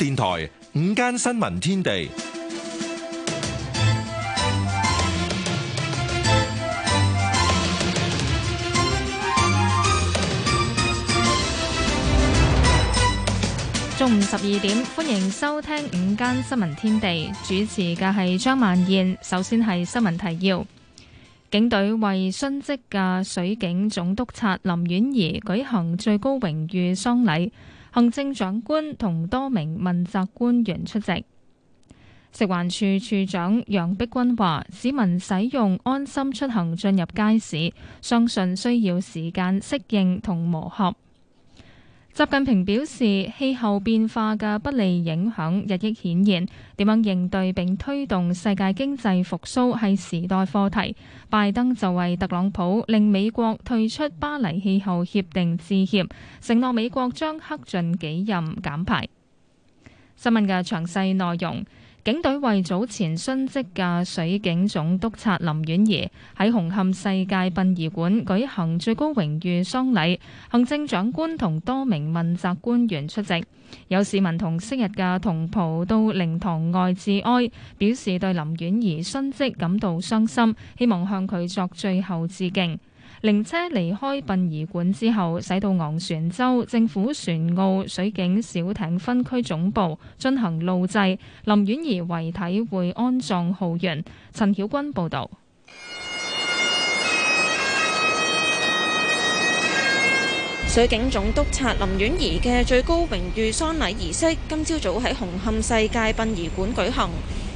電台午間新聞天地，中午十二點，歡迎收聽午間新聞天地，主持嘅係張萬燕。首先係新聞提要，警隊為殉職嘅水警總督察林婉儀舉行最高榮譽喪禮。行政長官同多名問責官員出席。食環署署長楊碧君話：市民使用安心出行進入街市，相信需要時間適應同磨合。習近平表示，氣候變化嘅不利影響日益顯現，點樣應對並推動世界經濟復蘇係時代課題。拜登就為特朗普令美國退出巴黎氣候協定致歉，承諾美國將克盡己任減排。新聞嘅詳細內容。警隊為早前殉職嘅水警總督察林婉儀喺紅磡世界殯儀館舉行最高榮譽喪禮，行政長官同多名問責官員出席，有市民同昔日嘅同袍到靈堂外致哀，表示對林婉儀殉職感到傷心，希望向佢作最後致敬。靈車離開殯儀館之後，駛到昂船洲政府船澳水警小艇分區總部進行路祭，林婉儀遺體會安葬浩園。陳曉君報道。水警總督察林婉儀嘅最高榮譽喪禮儀式，今朝早喺紅磡世界殯儀館舉行。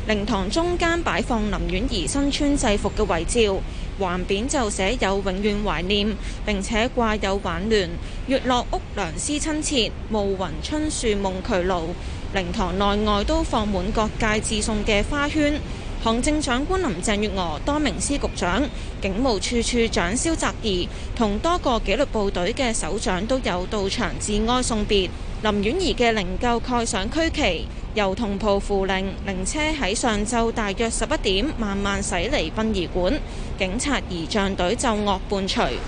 靈堂中間擺放林婉儀身穿制服嘅遺照。橫匾就寫有永遠懷念，並且掛有輓聯：月落屋梁思親切，暮雲春樹夢崎路。靈堂內外都放滿各界致送嘅花圈。行政長官林鄭月娥、多名司局長、警務處處長蕭澤頤同多個紀律部隊嘅首長都有到場致哀送別。林婉儀嘅靈柩蓋上區旗，由同袍扶靈，靈車喺上晝大約十一點慢慢駛離殯儀館。警察儀仗隊奏樂伴隨。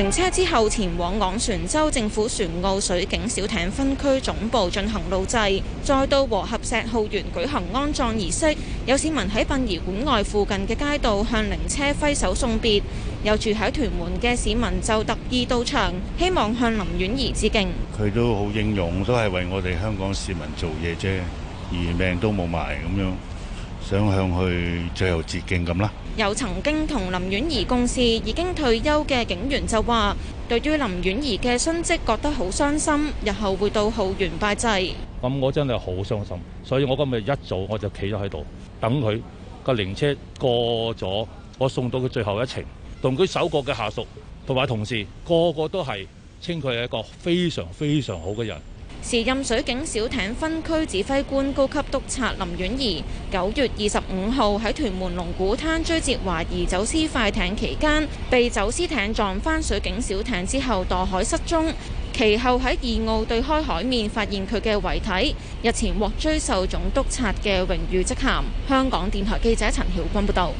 停車之後，前往昂船洲政府船澳水警小艇分區總部進行路祭，再到和合石墓園舉行安葬儀式。有市民喺殯儀館外附近嘅街道向靈車揮手送別。有住喺屯門嘅市民就特意到場，希望向林婉儀致敬。佢都好英勇，都係為我哋香港市民做嘢啫，而命都冇埋咁樣。想向佢最後致敬咁啦。有曾經同林婉儀共事，已經退休嘅警員就話對於林婉儀嘅殉職覺得好傷心，日後會到浩園拜祭。咁我真係好傷心，所以我今日一早我就企咗喺度，等佢個靈車過咗，我送到佢最後一程，同佢首個嘅下屬同埋同事個個都係稱佢係一個非常非常好嘅人。時任水警小艇分區指揮官高級督察林婉儀九月二十五號喺屯門龍鼓灘追截懷疑走私快艇期間，被走私艇撞翻水警小艇之後墮海失蹤，其後喺二澳對開海面發現佢嘅遺體，日前獲追授總督察嘅榮譽職銜。香港電台記者陳曉君報道。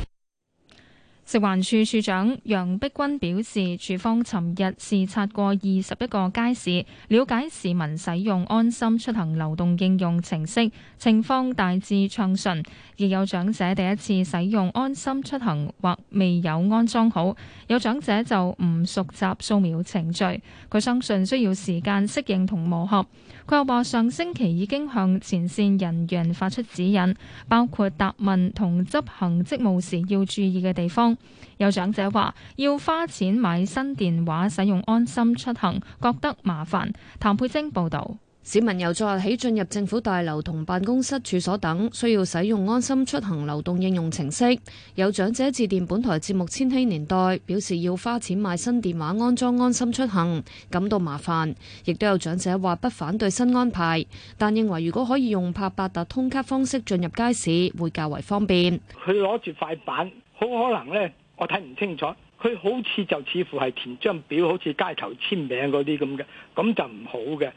食環處處長楊碧君表示，處方尋日視察過二十一個街市，了解市民使用安心出行流動應用程式情況，大致暢順。亦有長者第一次使用安心出行，或未有安裝好；有長者就唔熟習掃描程序。佢相信需要時間適應同磨合。佢又話：上星期已經向前線人員發出指引，包括答問同執行職務時要注意嘅地方。有長者話要花錢買新電話使用安心出行，覺得麻煩。譚佩晶報道，市民由昨日起進入政府大樓同辦公室處所等，需要使用安心出行流動應用程式。有長者致電本台節目《千禧年代》，表示要花錢買新電話安裝安心出行，感到麻煩。亦都有長者話不反對新安排，但認為如果可以用拍八達通卡方式進入街市，會較為方便。佢攞住塊板。好可能咧，我睇唔清楚，佢好似就似乎係填張表，好似街頭簽名嗰啲咁嘅，咁就唔好嘅。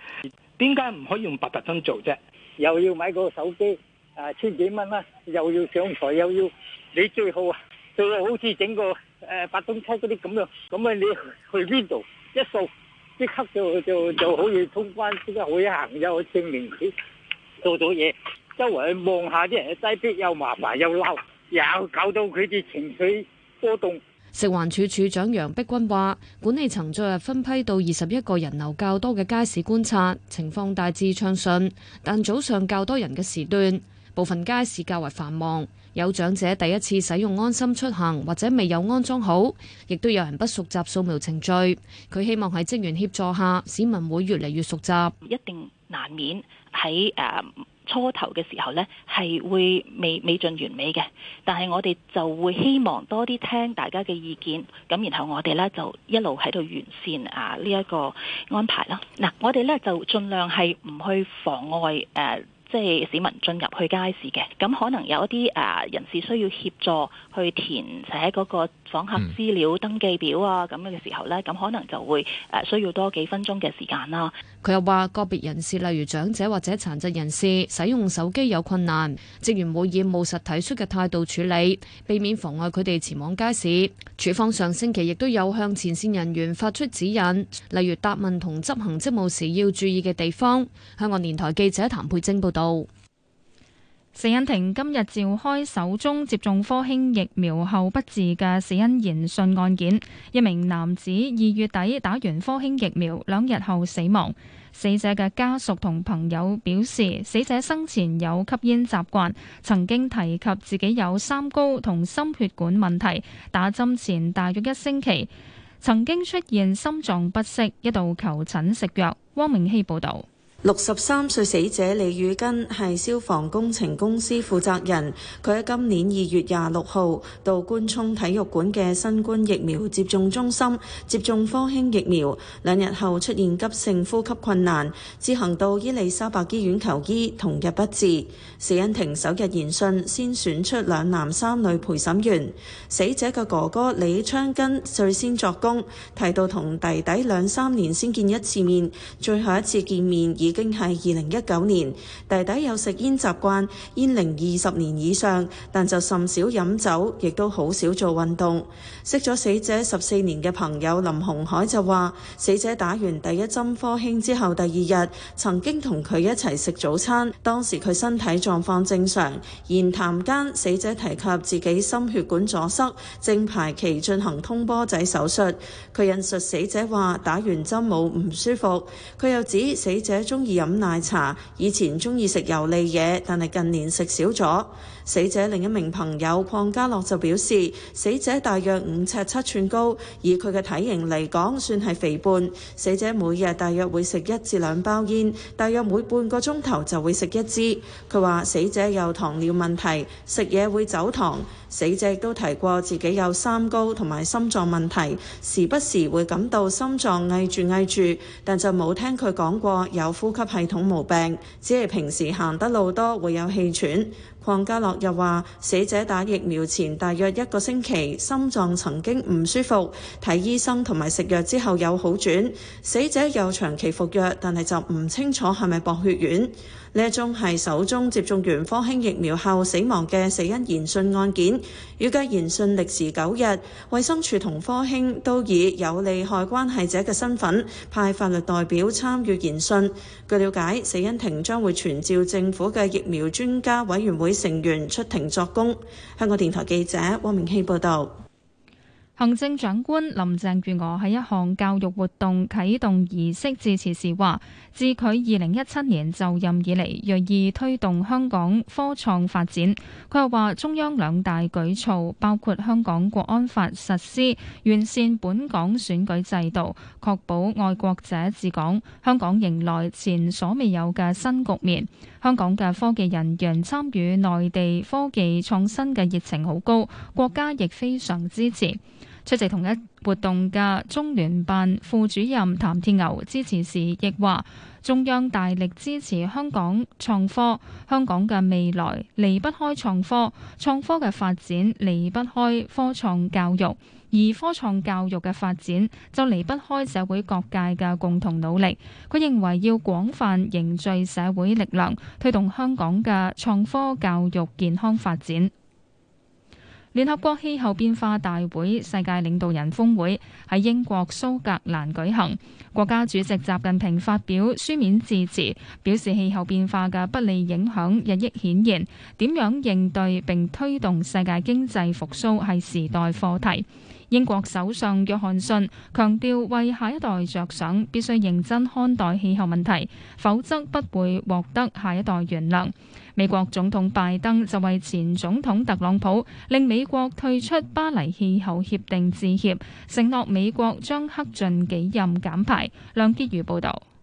點解唔可以用八達通做啫？又要買個手機，啊，千幾蚊啦，啊，又要上台，又要你最好啊，做好似整個誒八達通卡嗰啲咁樣，咁啊你去邊度一掃，即刻就就就可以通關，即刻可以行又證明做到嘢，周圍望下啲人，擠逼又麻煩又嬲。有搞到佢哋情緒波動。食環署署長楊碧君話：管理層昨日分批到二十一個人流較多嘅街市觀察，情況大致暢順。但早上較多人嘅時段，部分街市較為繁忙，有長者第一次使用安心出行或者未有安裝好，亦都有人不熟悉掃描程序。佢希望喺職員協助下，市民會越嚟越熟悉。一定難免喺誒。初頭嘅時候呢係會未未盡完美嘅，但係我哋就會希望多啲聽大家嘅意見，咁然後我哋呢就一路喺度完善啊呢一個安排咯。嗱，啊，我哋呢就盡量係唔去妨礙誒。啊即係市民進入去街市嘅，咁可能有一啲誒人士需要協助去填寫嗰個訪客資料、嗯、登記表啊，咁嘅時候咧，咁可能就會誒需要多幾分鐘嘅時間啦。佢又話，個別人士，例如長者或者殘疾人士使用手機有困難，職員會以務實體恤嘅態度處理，避免妨礙佢哋前往街市。署方上星期亦都有向前線人員發出指引，例如答問同執行職務時要注意嘅地方。香港電台記者譚佩貞報道。死因庭今日召開首宗接種科興疫苗後不治嘅死因研訊案件，一名男子二月底打完科興疫苗，兩日後死亡。死者嘅家屬同朋友表示，死者生前有吸煙習慣，曾經提及自己有三高同心血管問題，打針前大約一星期曾經出現心臟不適，一度求診食藥。汪明希報道。六十三歲死者李宇根係消防工程公司負責人，佢喺今年二月廿六號到官涌體育館嘅新冠疫苗接種中心接種科興疫苗，兩日後出現急性呼吸困難，自行到伊利沙伯醫院求醫，同日不治。死因庭首日研訊先選出兩男三女陪審員，死者嘅哥哥李昌根最先作供，提到同弟弟兩三年先見一次面，最後一次見面已已經係二零一九年，弟弟有食煙習慣，煙齡二十年以上，但就甚少飲酒，亦都好少做運動。識咗死者十四年嘅朋友林洪海就話，死者打完第一針科興之後，第二日曾經同佢一齊食早餐，當時佢身體狀況正常，言談間死者提及自己心血管阻塞，正排期進行通波仔手術。佢引述死者話，打完針冇唔舒服。佢又指死者中。中意飲奶茶，以前中意食油膩嘢，但係近年食少咗。死者另一名朋友鄺家樂就表示，死者大約五尺七寸高，以佢嘅體型嚟講算係肥胖。死者每日大約會食一至兩包煙，大約每半個鐘頭就會食一支。佢話死者有糖尿問題，食嘢會走糖。死者都提過自己有三高同埋心臟問題，時不時會感到心臟翳住翳住，但就冇聽佢講過有呼吸系統毛病，只係平時行得路多會有氣喘。鄺家樂又話，死者打疫苗前大約一個星期心臟曾經唔舒服，睇醫生同埋食藥之後有好轉。死者有長期服藥，但係就唔清楚係咪薄血丸。呢一宗係首宗接種完科興疫苗後死亡嘅死因言訊案件，預計言訊歷時九日。衛生署同科興都以有利害關係者嘅身份派法律代表參與言訊。據了解，死因庭將會傳召政府嘅疫苗專家委員會。成員出庭作供。香港電台記者汪明希報道。行政長官林鄭月娥喺一項教育活動啟動儀式致辭時話：自佢二零一七年就任以嚟，銳意推動香港科創發展。佢又話，中央兩大舉措包括香港國安法實施、完善本港選舉制度，確保愛國者治港，香港迎來前所未有嘅新局面。香港嘅科技人員參與內地科技創新嘅熱情好高，國家亦非常支持。出席同一活動嘅中聯辦副主任譚鐵牛支持時亦話：中央大力支持香港創科，香港嘅未來離不開創科，創科嘅發展離不開科創教育，而科創教育嘅發展就離不開社會各界嘅共同努力。佢認為要廣泛凝聚社會力量，推動香港嘅創科教育健康發展。聯合國氣候變化大會世界領導人峰會喺英國蘇格蘭舉行，國家主席習近平發表書面致辭，表示氣候變化嘅不利影響日益顯現，點樣應對並推動世界經濟復甦係時代課題。英國首相約翰遜強調，為下一代着想，必須認真看待氣候問題，否則不會獲得下一代原諒。美國總統拜登就為前總統特朗普令美國退出巴黎氣候協定致歉，承諾美國將克盡己任減排。梁潔如報道。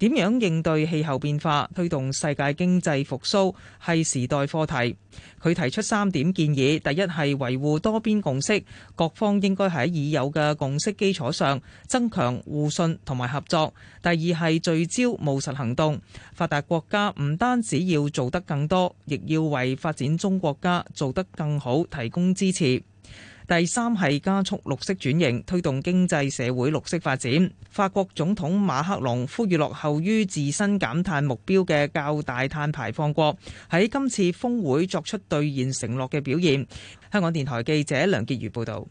點樣應對氣候變化、推動世界經濟復甦，係時代課題。佢提出三點建議：第一，係維護多邊共識，各方應該喺已有嘅共識基礎上增強互信同埋合作；第二，係聚焦務實行動，發達國家唔單止要做得更多，亦要為發展中國家做得更好提供支持。第三係加速綠色轉型，推動經濟社會綠色發展。法國總統馬克龍呼籲落後於自身減碳目標嘅較大碳排放國喺今次峰會作出兌現承諾嘅表現。香港電台記者梁潔如報導。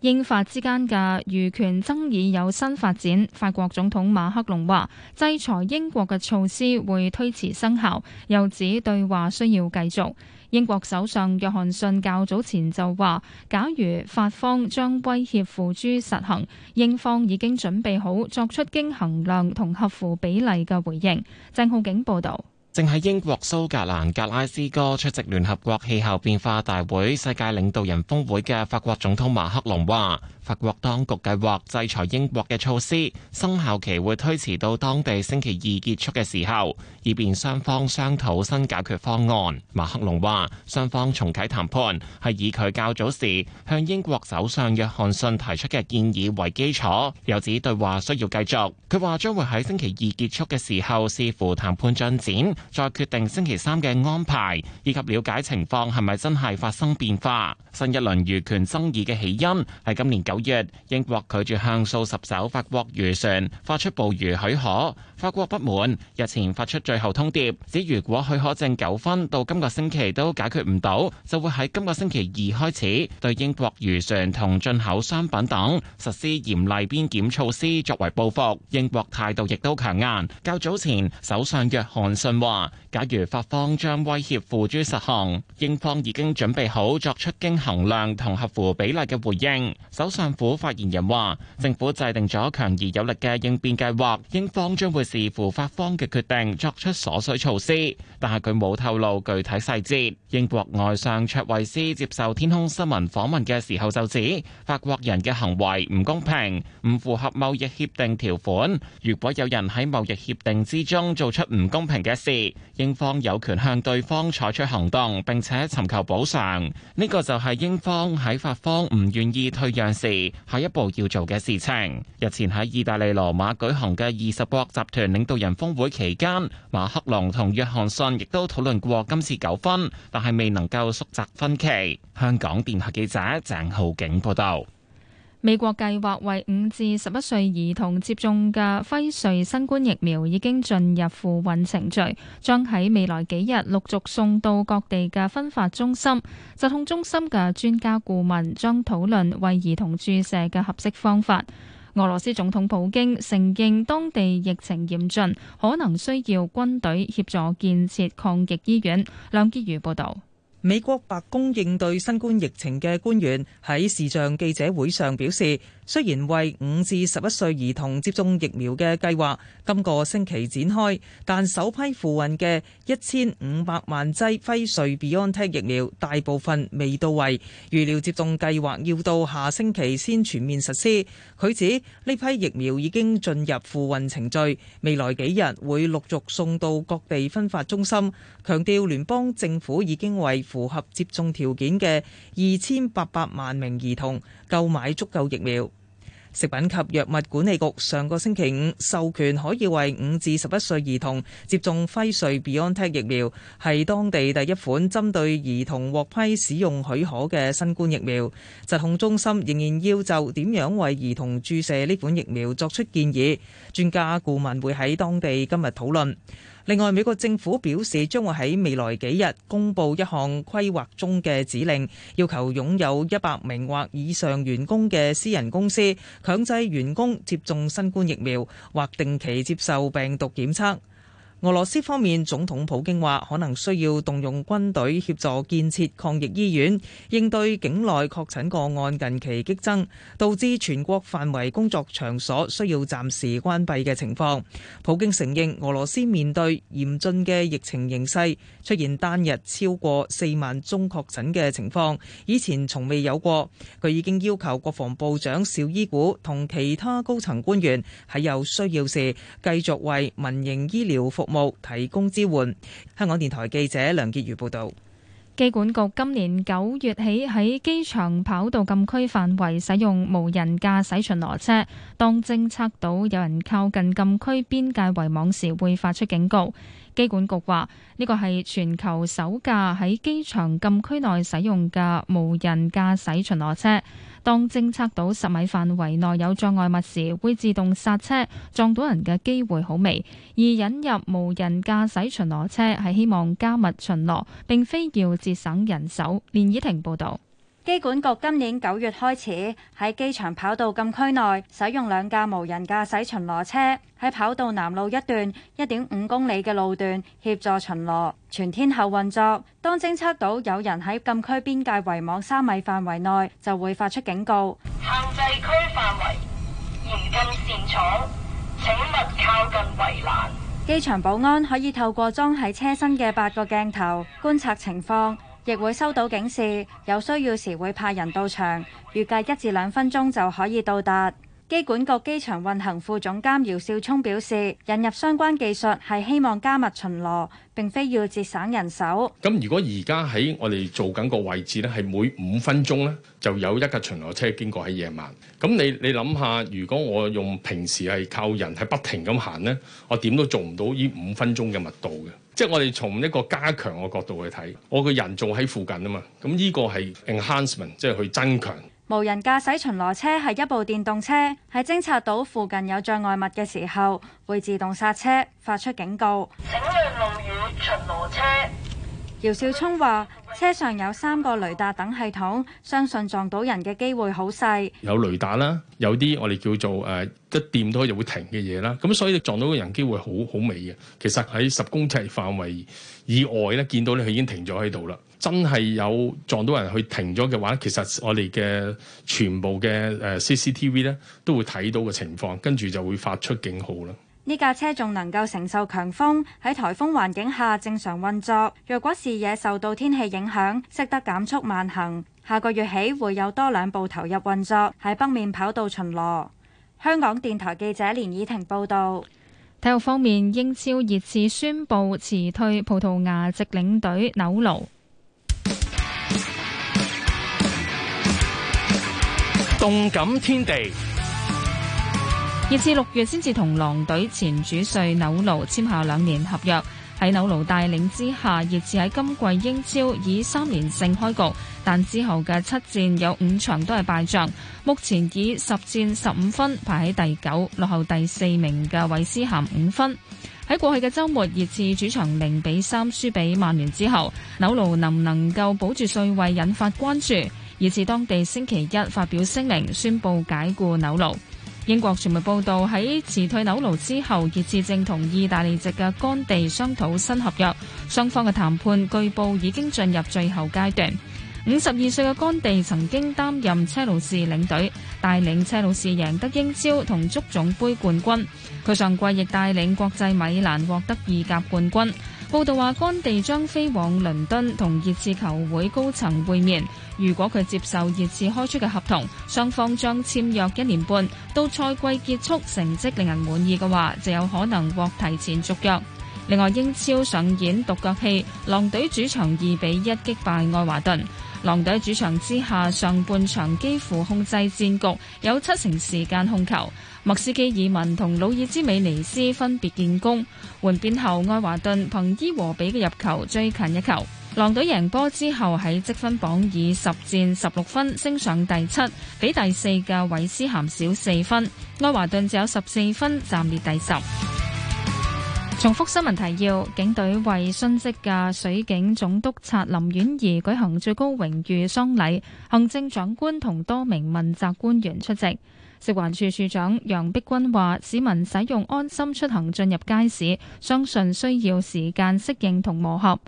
英法之間嘅漁權爭議有新發展。法國總統馬克龍話：制裁英國嘅措施會推遲生效，又指對話需要繼續。英國首相約翰遜較早前就話，假如法方將威脅付諸實行，英方已經準備好作出經衡量同合乎比例嘅回應。鄭浩景報道。正喺英國蘇格蘭格拉斯哥出席聯合國氣候變化大會世界領導人峰會嘅法國總統馬克龍話，法國當局計劃制裁英國嘅措施生效期會推遲到當地星期二結束嘅時候，以便雙方商討新解決方案。馬克龍話，雙方重啟談判係以佢較早時向英國首相約翰遜提出嘅建議為基礎，又指對話需要繼續。佢話將會喺星期二結束嘅時候視乎談判進展。再決定星期三嘅安排，以及了解情況係咪真係發生變化。新一輪漁權爭議嘅起因係今年九月，英國拒絕向數十艘法國漁船發出捕魚許可。法國不滿，日前發出最後通牒，指如果許可證糾紛到今個星期都解決唔到，就會喺今個星期二開始對英國漁船同進口商品等實施嚴厲邊檢措施作為報復。英國態度亦都強硬，較早前首相約翰遜話：假如法方將威脅付諸實行，英方已經準備好作出經衡量同合乎比例嘅回應。首相府發言人話：政府制定咗強而有力嘅應變計劃，英方將會視乎法方嘅決定作出所需措施，但係佢冇透露具體細節。英國外相卓慧思接受天空新聞訪問嘅時候就指，法國人嘅行為唔公平，唔符合貿易協定條款。如果有人喺貿易協定之中做出唔公平嘅事，英方有權向對方採取行動，並且尋求補償。呢、這個就係英方喺法方唔願意退讓時下一步要做嘅事情。日前喺意大利羅馬舉行嘅二十國集團。在領導人峰會期間，馬克龍同約翰遜亦都討論過今次糾紛，但係未能夠縮窄分歧。香港電台記者鄭浩景報道。美國計劃為五至十一歲兒童接種嘅輝瑞新冠疫苗已經進入付運程序，將喺未來幾日陸續送到各地嘅分發中心。疾控中心嘅專家顧問將討論為兒童注射嘅合適方法。俄羅斯總統普京承認當地疫情嚴峻，可能需要軍隊協助建設抗疫醫院。梁潔如報道。美國白宮應對新冠疫情嘅官員喺視像記者會上表示。雖然為五至十一歲兒童接種疫苗嘅計劃今個星期展開，但首批附運嘅一千五百萬劑輝瑞 BioNTech 疫苗大部分未到位，預料接種計劃要到下星期先全面實施。佢指呢批疫苗已經進入附運程序，未來幾日會陸續送到各地分發中心。強調聯邦政府已經為符合接種條件嘅二千八百萬名兒童購買足夠疫苗。食品及藥物管理局上個星期五授權可以為五至十一歲兒童接種輝瑞 BioNTech 疫苗，係當地第一款針對兒童獲批使用許可嘅新冠疫苗。疾控中心仍然要就點樣為兒童注射呢款疫苗作出建議，專家顧問會喺當地今日討論。另外，美國政府表示將會喺未來幾日公布一項規劃中嘅指令，要求擁有一百名或以上員工嘅私人公司強制員工接種新冠疫苗，或定期接受病毒檢測。俄羅斯方面，總統普京話可能需要動用軍隊協助建設抗疫醫院，應對境內確診個案近期激增，導致全國範圍工作場所需要暫時關閉嘅情況。普京承認俄羅斯面對嚴峻嘅疫情形勢，出現單日超過四萬宗確診嘅情況，以前從未有過。佢已經要求國防部長紹伊古同其他高層官員喺有需要時繼續為民營醫療服務務提供支援。香港電台記者梁潔如報道，機管局今年九月起喺機場跑道禁區範圍使用無人駕駛巡邏車，當偵測到有人靠近禁區邊界圍網時，會發出警告。機管局話：呢個係全球首架喺機場禁區內使用嘅無人駕駛巡邏車。當偵測到十米範圍內有障礙物時，會自動剎車，撞到人嘅機會好微。而引入無人駕駛巡邏車係希望加密巡邏，並非要節省人手。連以婷報道。機管局今年九月開始喺機場跑道禁區內使用兩架無人駕駛巡邏車，喺跑道南路一段一點五公里嘅路段協助巡邏，全天候運作。當偵測到有人喺禁區邊界圍網三米範圍內，就會發出警告。限制區範圍，嚴禁擅闖，請勿靠近圍欄。機場保安可以透過裝喺車身嘅八個鏡頭觀察情況。亦會收到警示，有需要時會派人到場，預計一至兩分鐘就可以到達。機管局機場運行副總監姚少聰表示，引入相關技術係希望加密巡邏，並非要節省人手。咁如果而家喺我哋做緊個位置咧，係每五分鐘咧就有一架巡邏車經過喺夜晚。咁你你諗下，如果我用平時係靠人係不停咁行咧，我點都做唔到呢五分鐘嘅密度嘅。即係我哋從一個加強嘅角度去睇，我嘅人做喺附近啊嘛。咁呢個係 enhancement，即係去增強。無人駕駛巡邏車係一部電動車，喺偵察到附近有障礙物嘅時候，會自動剎車，發出警告。真係有撞到人去停咗嘅話，其實我哋嘅全部嘅誒 CCTV 咧都會睇到嘅情況，跟住就會發出警號啦。呢架車仲能夠承受強風，喺颱風環境下正常運作。若果視野受到天氣影響，識得減速慢行。下個月起會有多兩部投入運作，喺北面跑道巡邏。香港電台記者連以婷報導。體育方面，英超熱刺宣布辭退葡萄牙籍領隊紐奴。動感天地，熱刺六月先至同狼隊前主帥紐勞簽下兩年合約。喺紐勞帶領之下，熱刺喺今季英超以三連勝開局，但之後嘅七戰有五場都係敗仗。目前以十戰十五分排喺第九，落後第四名嘅韋斯咸五分。喺過去嘅周末，熱刺主場零比三輸俾曼聯之後，紐勞能唔能夠保住帥位，引發關注？以至當地星期一發表聲明，宣布解雇紐勞。英國傳媒報道喺辭退紐勞之後，熱刺正同意大利籍嘅干地商討新合約，雙方嘅談判據報已經進入最後階段。五十二歲嘅干地曾經擔任車路士領隊，帶領車路士贏得英超同足總杯冠軍。佢上季亦帶領國際米蘭獲得意甲冠軍。報道話，干地將飛往倫敦同熱刺球會高層會面。如果佢接受熱刺開出嘅合同，雙方將簽約一年半。到賽季結束成績令人滿意嘅話，就有可能獲提前續約。另外，英超上演獨腳戲，狼隊主場二比一擊敗愛華頓。狼隊主場之下，上半場幾乎控制戰局，有七成時間控球。莫斯基爾文同魯爾茲美尼斯分別建功。換邊後，愛華頓憑伊和比嘅入球追近一球。狼隊贏波之後喺積分榜以十戰十六分升上第七，比第四嘅韋斯咸少四分。愛華頓只有十四分，暫列第十。重複新聞提要：警隊為殉職嘅水警總督察林婉儀舉行最高榮譽喪禮，行政長官同多名問責官員出席。食環署署長楊碧君話，市民使用安心出行進入街市，相信需要時間適應同磨合。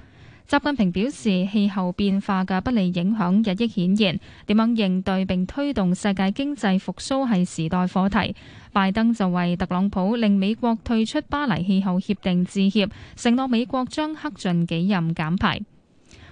習近平表示，氣候變化嘅不利影響日益顯現，點樣應對並推動世界經濟復甦係時代課題。拜登就為特朗普令美國退出巴黎氣候協定致歉，承諾美國將克盡己任減排。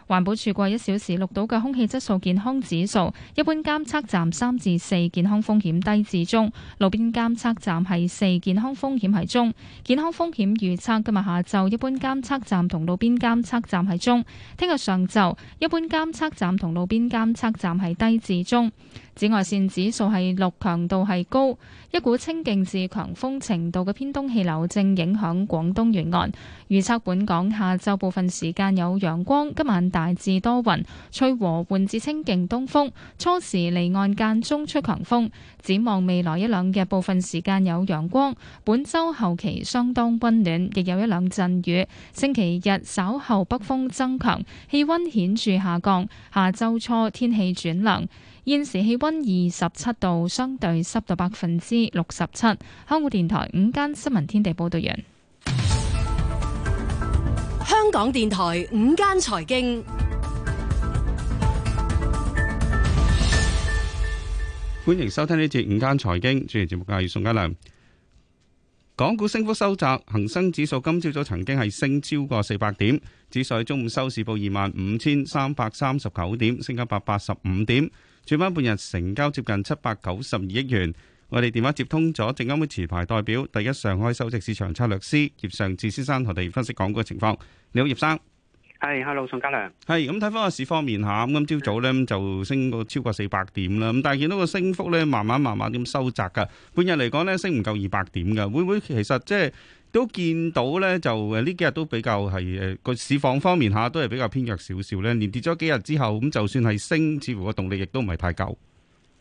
環保署過一小時錄到嘅空氣質素健康指數，一般監測站三至四，健康風險低至中；路邊監測站係四，健康風險係中。健康風險預測今日下晝一般監測站同路邊監測站係中，聽日上晝一般監測站同路邊監測站係低至中。紫外線指數係六，強度係高。一股清勁至強風程度嘅偏東氣流正影響廣東沿岸，預測本港下晝部分時間有陽光，今晚大致多雲，吹和緩至清勁東風，初時離岸間中出強風。展望未來一兩日部分時間有陽光，本周後期相當溫暖，亦有一兩陣雨。星期日稍後北風增強，氣溫顯著下降。下周初天氣轉涼。現時氣溫二十七度，相對濕度百分之六十七。香港電台午間新聞天地報道完。香港電台午間財經，歡迎收聽呢節午間財經。主持節目嘅係宋嘉良。港股升幅收窄，恒生指數今朝早早曾經係升超過四百點，指數喺中午收市報二萬五千三百三十九點，升一百八十五點。轉番半日成交接近七百九十二億元。我哋電話接通咗證監會持牌代表，第一上海首席市場策略師葉尚志先生同你分析港股嘅情況。你好，葉生，係，hello，宋嘉良。係，咁睇翻個市方面吓，咁今朝早咧，就升過超過四百點啦。咁但係見到個升幅咧，慢慢慢慢咁收窄噶。半日嚟講咧，升唔夠二百點噶。會唔會其實即係都見到咧，就誒呢幾日都比較係誒個市況方面吓，都係比較偏弱少少咧。連跌咗幾日之後，咁就算係升，似乎個動力亦都唔係太夠。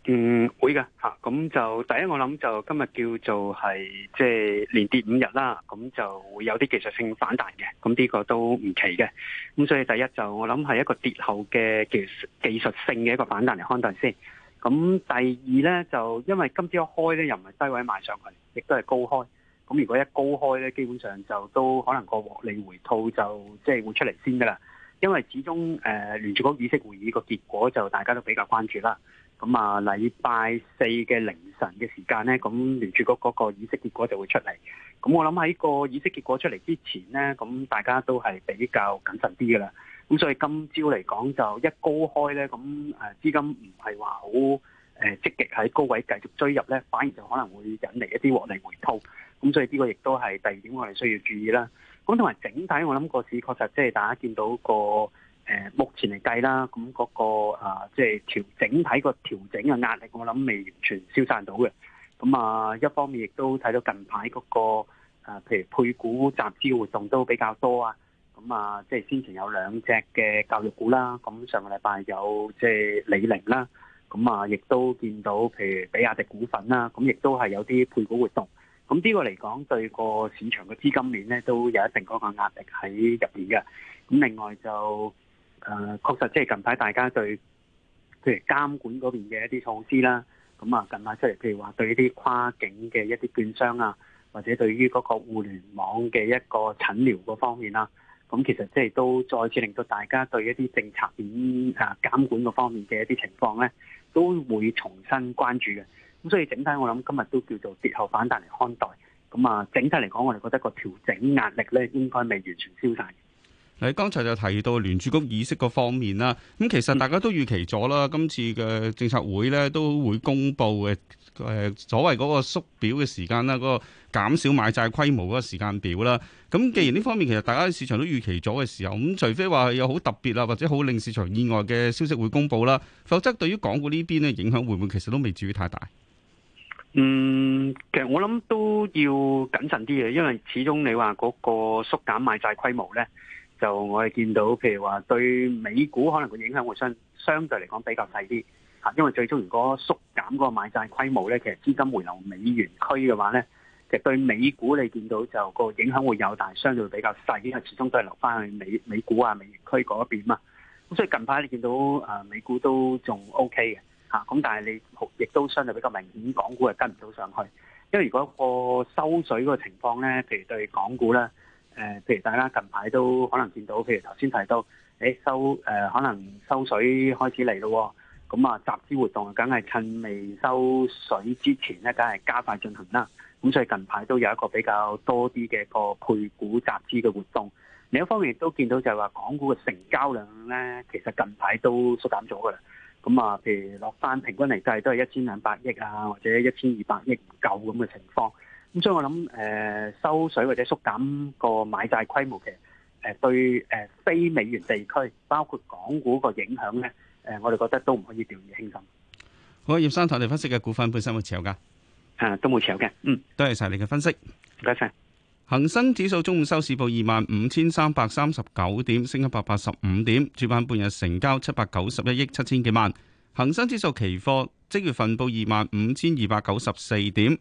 嗯，會噶吓，咁、啊、就第一我諗就今日叫做係即係連跌五日啦，咁就會有啲技術性反彈嘅，咁呢個都唔奇嘅。咁所以第一就我諗係一個跌後嘅技術技術性嘅一個反彈嚟看待先。咁第二呢，就因為今朝一開呢，又唔係低位賣上去，亦都係高開。咁如果一高開呢，基本上就都可能個獲利回吐就即係會出嚟先噶啦。因為始終誒，連、呃、聯儲局議息會議個結果就大家都比較關注啦。咁啊，禮拜四嘅凌晨嘅時間咧，咁聯住局嗰個意識結果就會出嚟。咁我諗喺個意識結果出嚟之前咧，咁大家都係比較謹慎啲㗎啦。咁所以今朝嚟講，就一高開咧，咁誒資金唔係話好誒積極喺高位繼續追入咧，反而就可能會引嚟一啲獲利回吐。咁所以呢個亦都係第二點我哋需要注意啦。咁同埋整體，我諗個市確實即係大家見到個。誒目前嚟計啦，咁嗰個啊，即係調整體個調整嘅壓力，我諗未完全消散到嘅。咁啊，一方面亦都睇到近排嗰個啊，譬如配股集資活動都比較多啊。咁啊，即係先前有兩隻嘅教育股啦，咁上個禮拜有即係李寧啦。咁啊，亦都見到譬如比亞迪股份啦，咁亦都係有啲配股活動。咁呢個嚟講，對個市場嘅資金鏈咧都有一定嗰個壓力喺入面嘅。咁另外就誒、呃，確實即係近排大家對譬如監管嗰邊嘅一啲措施啦，咁啊近排出嚟，譬如話對一啲跨境嘅一啲券商啊，或者對於嗰個互聯網嘅一個診療嗰方面啦、啊，咁其實即係都再次令到大家對一啲政策面啊監管嗰方面嘅一啲情況咧，都會重新關注嘅。咁所以整體我諗今日都叫做節後反彈嚟看待。咁啊，整體嚟講，我哋覺得個調整壓力咧應該未完全消散。你剛才就提到聯儲局議息個方面啦，咁其實大家都預期咗啦，今次嘅政策會咧都會公布嘅，誒所謂嗰個縮表嘅時間啦，嗰個減少買債規模嗰個時間表啦。咁既然呢方面其實大家市場都預期咗嘅時候，咁除非話有好特別啊，或者好令市場意外嘅消息會公布啦，否則對於港股呢邊咧影響會唔會其實都未至於太大？嗯，其實我諗都要謹慎啲嘅，因為始終你話嗰個縮減買債規模咧。就我哋見到，譬如話對美股可能個影響會相相對嚟講比較細啲，因為最終如果縮減個個買債規模咧，其實資金回流美元區嘅話咧，其實對美股你見到就個影響會有，但係相對比較細，因為始終都係留翻去美美股啊美元區嗰邊嘛。咁所以近排你見到啊美股都仲 OK 嘅，咁但係你亦都相對比較明顯，港股係跟唔到上去，因為如果個收水個情況咧，譬如對港股咧。誒，譬如大家近排都可能見到，譬如頭先提到，誒收誒、呃、可能收水開始嚟咯，咁、嗯、啊集資活動梗係趁未收水之前咧，梗係加快進行啦。咁所以近排都有一個比較多啲嘅個配股集資嘅活動。另一方面亦都見到就係話，港股嘅成交量咧，其實近排都縮減咗噶啦。咁、嗯、啊，譬如落翻平均嚟計都係一千兩百億啊，或者一千二百億唔夠咁嘅情況。咁所以我諗，誒，收水或者縮減個買債規模嘅，誒，對誒非美元地區包括港股個影響咧，誒，我哋覺得都唔可以掉以輕心。好，葉生同你分析嘅股份本身有冇持有噶？吓、啊、都冇持有嘅。嗯，多謝晒你嘅分析。唔該晒。恒生指數中午收市報二萬五千三百三十九點，升一百八十五點。主板半日成交七百九十一億七千幾萬。恒生指數期貨即月份報二萬五千二百九十四點。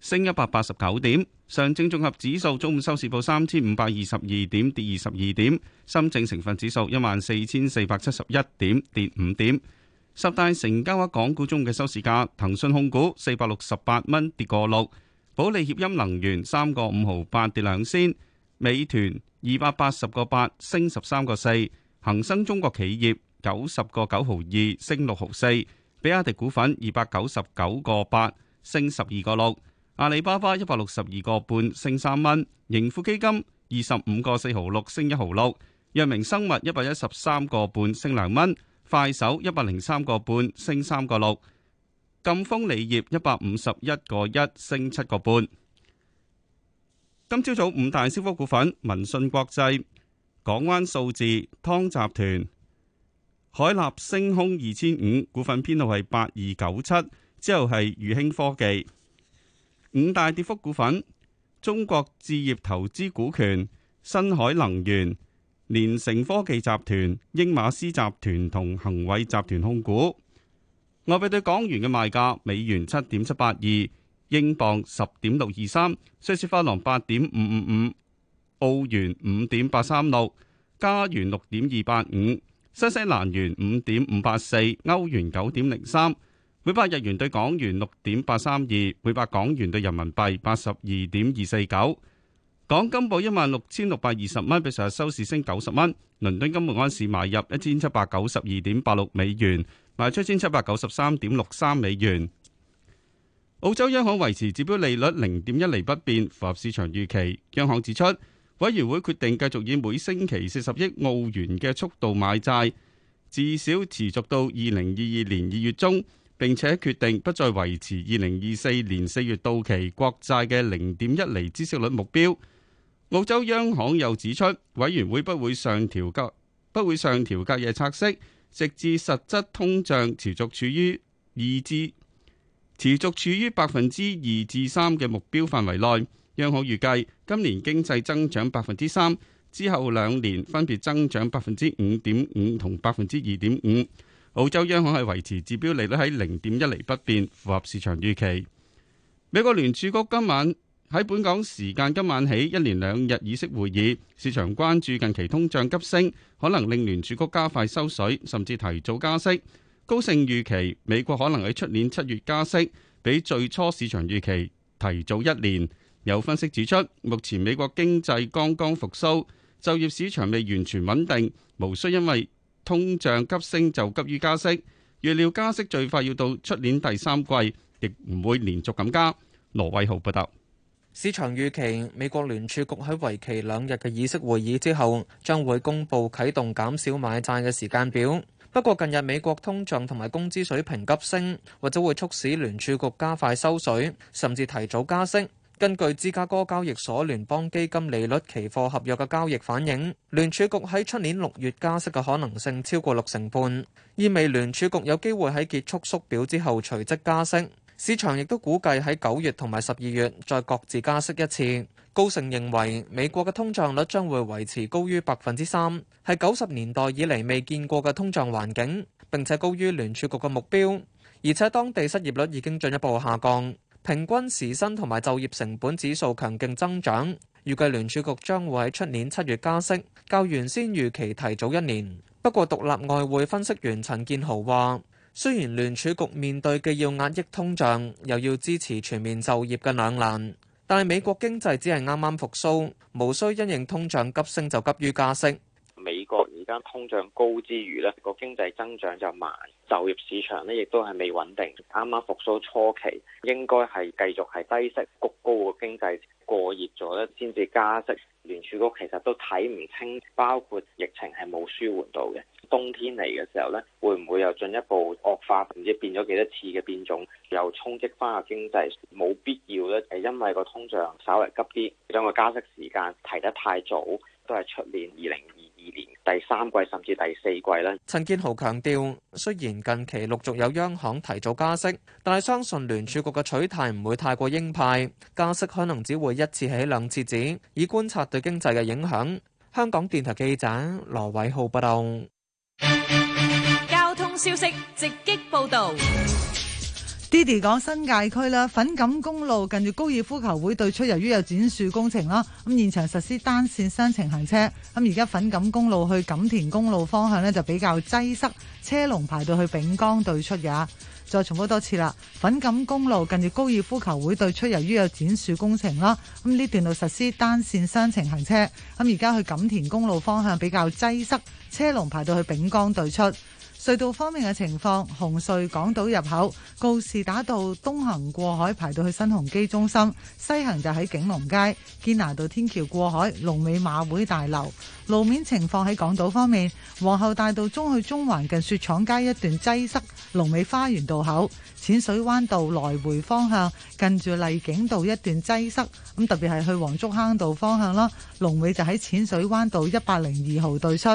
升一百八十九點，上證綜合指數中午收市報三千五百二十二點，跌二十二點。深證成分指數一萬四千四百七十一點，跌五點。十大成交額港股中嘅收市價，騰訊控股四百六十八蚊，跌個六；保利協鑫能源三個五毫八，跌兩仙；美團二百八十個八，升十三個四；恒生中國企業九十個九毫二，升六毫四；比亞迪股份二百九十九個八，升十二個六。阿里巴巴一百六十二個半升三蚊，盈富基金二十五個四毫六升一毫六，藥明生物一百一十三個半升兩蚊，快手一百零三個半升三個六，贛鋒鋰業一百五十一個一升七個半。今朝早五大升幅股份：民信國際、港灣數字、湯集團、海納升空二千五股份編號係八二九七，之後係宇興科技。五大跌幅股份：中國置業投資股權、新海能源、連成科技集團、英馬斯集團同恒偉集團控股。外幣對港元嘅賣價：美元七點七八二，英鎊十點六二三，瑞士法郎八點五五五，澳元五點八三六，加元六點二八五，新西蘭元五點五八四，歐元九點零三。每百日元對港元六點八三二，每百港元對人民幣八十二點二四九。港金報一萬六千六百二十蚊，比上日收市升九十蚊。倫敦金每盎司買入一千七百九十二點八六美元，賣出一千七百九十三點六三美元。澳洲央行維持指標利率零點一厘不變，符合市場預期。央行指出，委員會決定繼續以每星期四十億澳元嘅速度買債，至少持續到二零二二年二月中。並且決定不再維持二零二四年四月到期國債嘅零點一厘孳息率目標。澳洲央行又指出，委員會不會上調隔不會上調隔夜拆息，直至實質通脹持續處於二至持續處於百分之二至三嘅目標範圍內。央行預計今年經濟增長百分之三，之後兩年分別增長百分之五點五同百分之二點五。澳洲央行係維持指標利率喺零點一厘不變，符合市場預期。美國聯儲局今晚喺本港時間今晚起一連兩日議息會議，市場關注近期通脹急升，可能令聯儲局加快收水，甚至提早加息。高盛預期美國可能喺出年七月加息，比最初市場預期提早一年。有分析指出，目前美國經濟剛剛復甦，就業市場未完全穩定，無需因為。通脹急升就急於加息，預料加息最快要到出年第三季，亦唔會連續咁加。羅偉豪報道，市場預期美國聯儲局喺為期兩日嘅議息會議之後，將會公佈啟動減少買債嘅時間表。不過近日美國通脹同埋工資水平急升，或者會促使聯儲局加快收水，甚至提早加息。根據芝加哥交易所聯邦基金利率期貨合約嘅交易反映，聯儲局喺出年六月加息嘅可能性超過六成半，意味聯儲局有機會喺結束縮表之後隨即加息。市場亦都估計喺九月同埋十二月再各自加息一次。高盛認為美國嘅通脹率將會維持高於百分之三，係九十年代以嚟未見過嘅通脹環境，並且高於聯儲局嘅目標，而且當地失業率已經進一步下降。平均時薪同埋就業成本指數強勁增長，預計聯儲局將會喺出年七月加息，較原先預期提早一年。不過，獨立外匯分析員陳建豪話，雖然聯儲局面對既要壓抑通脹，又要支持全面就業嘅兩難，但係美國經濟只係啱啱復甦，無需因應通脹急升就急於加息。美國而家通脹高之餘咧，個經濟增長就慢，就業市場咧亦都係未穩定。啱啱復甦初期，應該係繼續係低息谷高嘅經濟過熱咗咧，先至加息。聯儲局其實都睇唔清，包括疫情係冇舒緩到嘅。冬天嚟嘅時候咧，會唔會又進一步惡化？唔知變咗幾多次嘅變種，又衝擊翻個經濟。冇必要咧，係因為個通脹稍微急啲，將個加息時間提得太早，都係出年二零二二年第三季甚至第四季啦，陳建豪強調，雖然近期陸續有央行提早加息，但係相信聯儲局嘅取態唔會太過鷹派，加息可能只會一次起兩次止，以觀察對經濟嘅影響。香港電台記者羅偉浩報道。交通消息直擊報道。Diddy 講新界區啦，粉錦公路近住高爾夫球會對出，由於有展樹工程啦，咁現場實施單線雙程行車。咁而家粉錦公路去錦田公路方向呢，就比較擠塞，車龍排到去丙岡對出嘅。再重複多次啦，粉錦公路近住高爾夫球會對出，由於有展樹工程啦，咁呢段路實施單線雙程行車。咁而家去錦田公路方向比較擠塞，車龍排到去丙岡對出。隧道方面嘅情況，紅隧港島入口告士打道東行過海排到去新鴻基中心，西行就喺景隆街堅拿道天橋過海龍尾馬會大樓。路面情況喺港島方面，皇后大道中去中環近雪廠街一段擠塞，龍尾花園道口，淺水灣道來回方向近住麗景道一段擠塞，咁特別係去黃竹坑道方向啦，龍尾就喺淺水灣道一百零二號對出。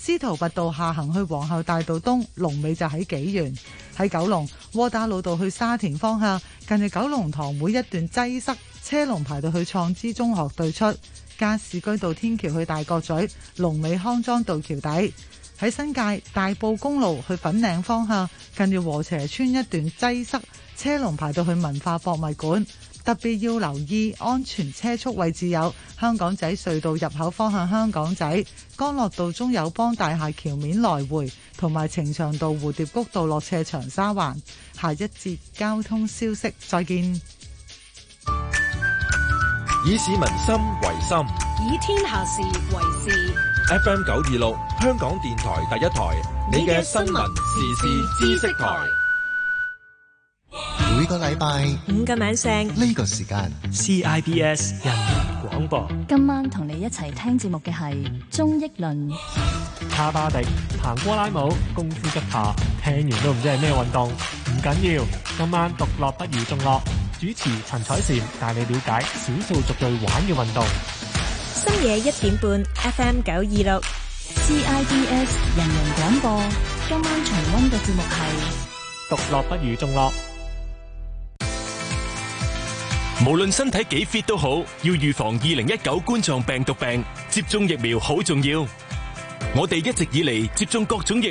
司徒拔道下行去皇后大道東，龍尾就喺紀元；喺九龍窩打老道去沙田方向，近住九龍塘每一段擠塞，車龍排到去創知中學對出；加士居道天橋去大角咀，龍尾康莊道橋底；喺新界大埔公路去粉嶺方向，近住禾輋村一段擠塞，車龍排到去文化博物館。特別要留意安全車速位置有香港仔隧道入口方向香港仔、干諾道中友邦大廈橋面來回，同埋呈祥道蝴蝶谷道落斜長沙環。下一節交通消息，再見。以市民心為心，以天下事為事。FM 九二六，香港電台第一台，你嘅新聞時事知識台。每個禮拜五個晚上呢個時間 CIBS 人人廣播，今晚同你一齊聽節目嘅係鐘逸麟、卡巴迪、彈鍋拉舞、功夫吉他，聽完都唔知係咩運動。唔緊要，今晚獨樂不如眾樂。主持陳彩嬋帶你了解少數族裔玩嘅運動。深夜一點半，FM 九二六，CIBS 人人廣播。今晚重温嘅節目係獨樂不如眾樂。無論身體幾 fit 都好，要預防二零一九冠狀病毒病，接種疫苗好重要。我哋一直以嚟接種各種疫。